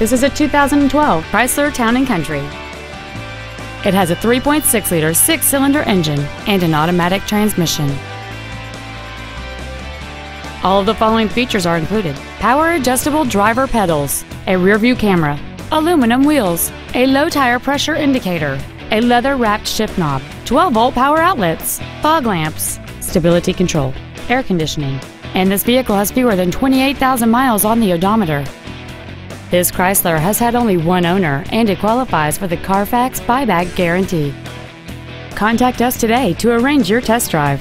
This is a 2012 Chrysler Town and Country. It has a 3.6-liter six-cylinder engine and an automatic transmission. All of the following features are included. Power adjustable driver pedals, a rear view camera, aluminum wheels, a low tire pressure indicator, a leather wrapped shift knob, 12 volt power outlets, fog lamps, stability control, air conditioning, and this vehicle has fewer than 28,000 miles on the odometer. This Chrysler has had only one owner and it qualifies for the Carfax buyback guarantee. Contact us today to arrange your test drive.